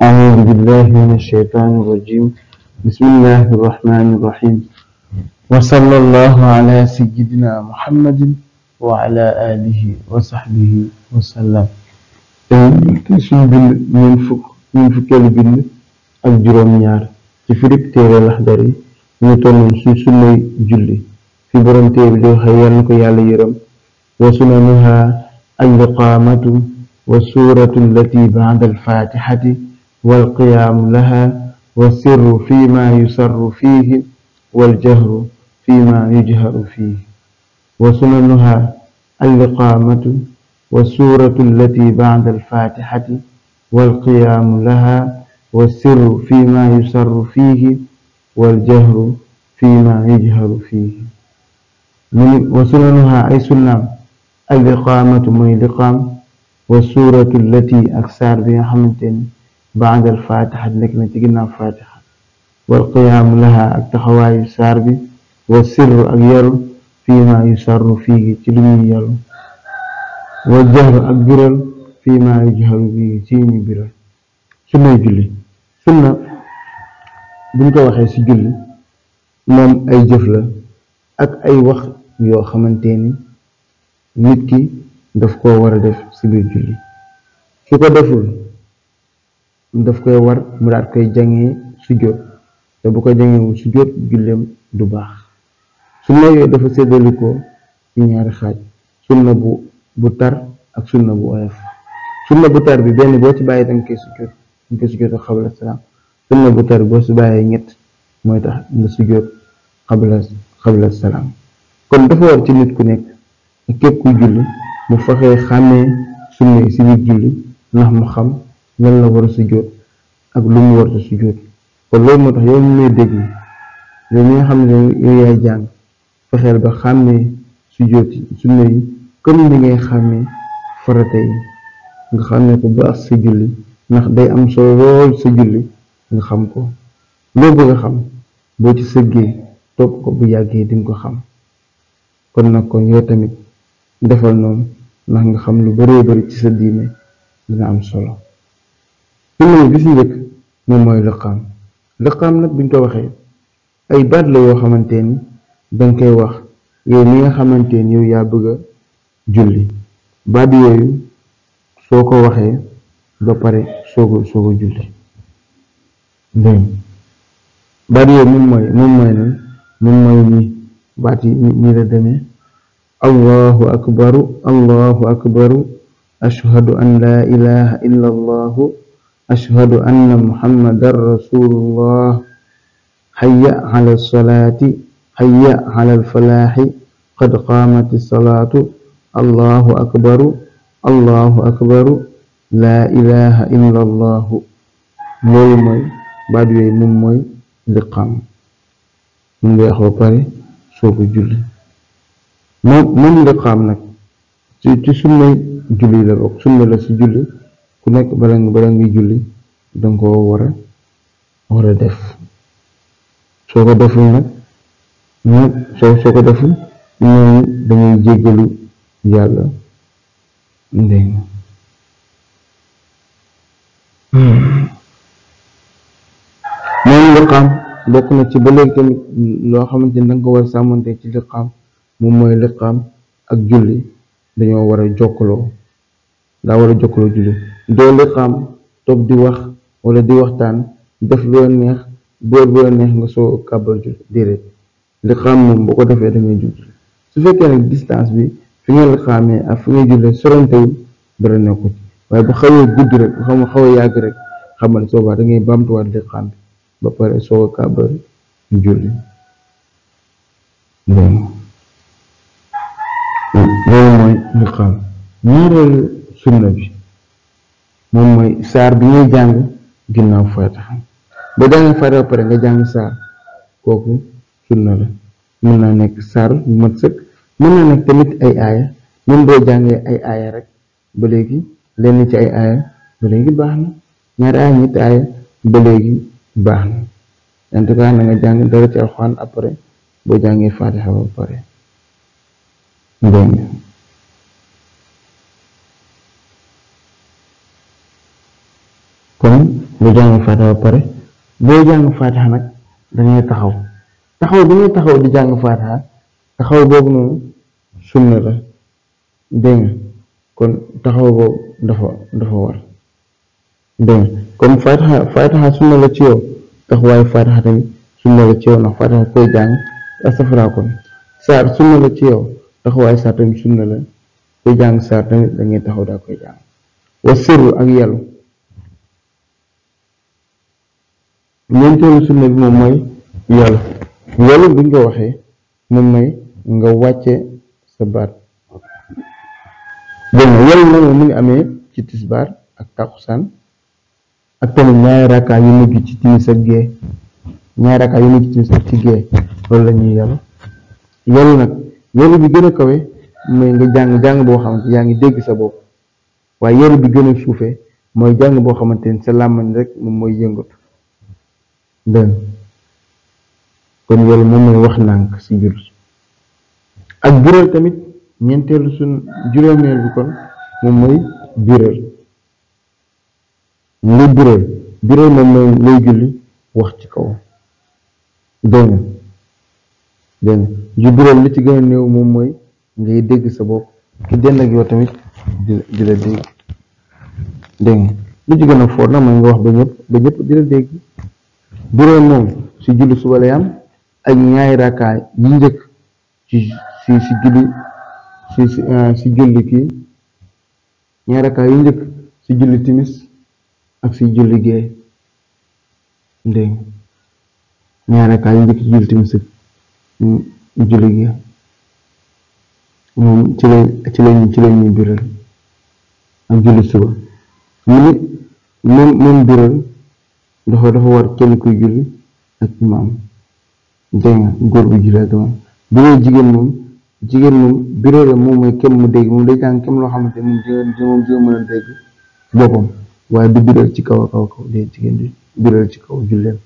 أعوذ بالله من الشيطان الرجيم بسم الله الرحمن الرحيم وصلى الله على سيدنا محمد وعلى آله وصحبه وسلم suñu bind ñeen fukk ñeen fukkeelu bind ak juróom-ñaar ci firib téere laxdar yi ñu tolloon suñ sunnay julli fi borom téere bi di waxee yal na ko yàlla yërëm wa sunanuha al-iqaamatu wa suuratu allati ba'da al-faatixati والقيام لها والسر فيما يسر فيه والجهر فيما يجهر فيه وسننها الإقامة والسورة التي بعد الفاتحة والقيام لها والسر فيما يسر فيه والجهر فيما يجهر فيه وسننها أي سنة الإقامة mooy liqaam والسورة التي ak saar bi nga xamante ni baandal fatiha nekk na ci ginnaaw fatiha wal qiyaamu laha ak taxawaayu saar bi wa sirru ak yaru fiima yusarru fiihi ci lu ñuy yaru wa jahru ak biral fiima yujharu fiihi ci ñu biral sunnay julli buñ ko waxee ci julli moom ay jëf la ak ay wax yoo xamante ni nit ki daf ko war a def si biir julli su ko deful daf koy war mu daat koy jàngee sujjóot te bu ko jàngeewul sujjóot julleem du baax sunna yooyu dafa séddalikoo ci ñaari xaaj sunna bu tar ak sunna bu oyof sunna bu tar bi benn boo ci bàyyi danga koy sujjóot danga koy sujjóot xabla salaam sunna bu tar boo ci bàyyee ñett mooy tax nga sujjóot xabla xabla salaam kon dafa war ci nit ku nekk ak julli mu faxee xàmmee sunna yi ci biir julli ndax mu xam lan la war a sujjóot ak lu mu war a sujjóot kon loolu moo tax yow mi ngi déglu yow mi xam ne yow yaay jàng fexeel ba xàmmee sujjóot sunna yi comme ni ngay xàmmee farata yi nga xàmmee ko ba sa julli ndax day am solo lool sa julli nga xam ko loo bëgg a xam boo ci sëggee topp ko bu yàggee dinga ko xam kon nag kon yow tamit defal noonu ndax nga xam lu baree bari ci sa diine dina am solo moom mooy lëqaam lëqaam nag buñ ko waxee ay baat la yoo xamante ni danga wax yow nga xamante ni yow yaa bëgg a julli yooyu soo ko waxee ba pare soo mooy moom mooy nan moom mooy ñi baat yi ñi la demee allahu akbaru allahu akbaru ashhadu an laa ilaha illa أشهد أن محمدا رسول الله حي على الصلاة حي على الفلاح قد قامت الصلاة الله أكبر الله أكبر laa ilaha illa allahu loolu mooy baat yooyu moom mooy liqaam moom ngay wax ba pare soo ko julli moom moom liqaam nag ci ci sunna julli la bokk sunna la ci julli ku nekk bala bala ngi julli danga koo war a war a def soo ko deful nag yàlla ndey moom liqaam bokk na ci ba léegi tamit loo xamante ni danga ko war a sàmmante ci liqaam moom mooy liqaam ak julli dañoo war a jokkaloo daa war a jokkaloo julli doo lu toog di wax wala di waxtaan def lu neex boor bu nga soo kàbbar ju déedéet li xam moom boo ko defee dangay jub su fekkee nag distance bi fi nga li xamee ak fi nga jullee sorantewul dara nekku ci waaye bu xawee gudd rek bu xam xaw a yàgg rek xamal soobaa dangay bamtuwaat li bi ba pare soo kàbbar julli loolu mooy li xam ñaareelu bi moom mooy saar bi ñuy jàng ginnaaw faatiha ba jàng faatiha pare nga jàng saar kooku sunna la mën naa nekk saar bu mat sëkk mën naa nekk tamit ay aaya même boo jàngee ay aaya rek ba léegi lenn ci ay aaya ba léegi baax na ñaari aaya ñetti aaya ba léegi baax na en tout cas na nga jàng dara ci alxuraan après boo jàngee faatiha ba pare dégg nga kon nga jàng faatiha ba pare boo taxaw taxaw bi taxaw di jàng faatiha taxaw boobu noonu sunna la dégg nga dafa dafa kon faatiha faatiha sunna la ci yow taxawaayu ci yow ndax faatiha koy jàng astaghfirullah kon saar sunna la ci yow taxawaayu saar tamit sunna la koy jàng saar tamit dangay taxaw daa koy jàng wa sirru ak yàllu ñeenteelu sunna bi moom mooy yool yoolu buñ ko waxee moom mooy nga wàcce sa baat dégg nga yool mu ngi amee ci tisbaar ak takkusaan ak tamit ñaari rakkaa yu mujj ci timis ak gee ñaari rakkaa yu mujj ci timis ak ci gee loolu la ñuy yool nag yoolu bi gën a kawe mooy nga jàng jàng boo xamante yaa ngi dégg sa bopp waaye yoolu bi gën a suufee mooy jàng boo xamante ni sa làmmañ rek moom mooy yëngatu benn kon loolu moom mooy wax ndànk ci julli ak biral tamit suñ juróomeel bi kon moom mooy biral ngay biral biral moom julli wax ci kaw dégg nga ju biral li ci gën a néew moom mooy ngay dégg sa bopp ki dend ak yow tamit di la dégg dégg li ci gën a foor na mooy nga wax ba ñëpp ba ñëpp di la dégg bu doon moom si julli suba lay am ak ñaari rakkaa yi njëkk ci si si julli si si euh, julli kii ñaari rakkaa yi njëkk si julli timis ak si julli gee dégg ñaari rakkaa yi njëkk si julli timis ak julli gee moom ci lañ ci lañ ci lañ ak julli suba mu ni moom moom biral dafa dafa war kenn kuy julli ak imaam dégg nga góor bu julli ak imaam bu jigéen moom jigéen moom bureau moom mooy kenn mu dégg moom day jàng loo xamante moom jigéen moom jigéen mën dégg boppam waaye ci kaw kaw ci kaw julleem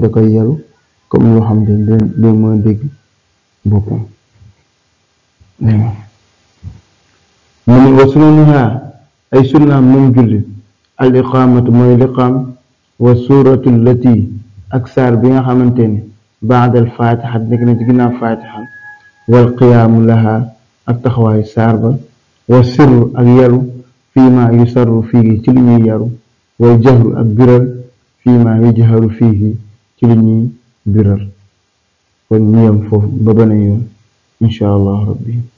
da koy yaru loo xamante ne day mën a ne wa sunanuha ay sunnaam moom julli al iqaamatu mooy liqaam wa suuratu lati ak saar bi nga xamante ni baad al fatixa nekk na ci ginnaaw fatixa wal qiyaamu laha ak taxawaayu saar ba wa sirru ak yaru fiima yu sarru fiihi ci li ñuy yaru wal jahru ak biral fiima yu jaharu fiihi ci li ñuy biral kon ñu yem foofu ba beneen yoon incha allah rabbi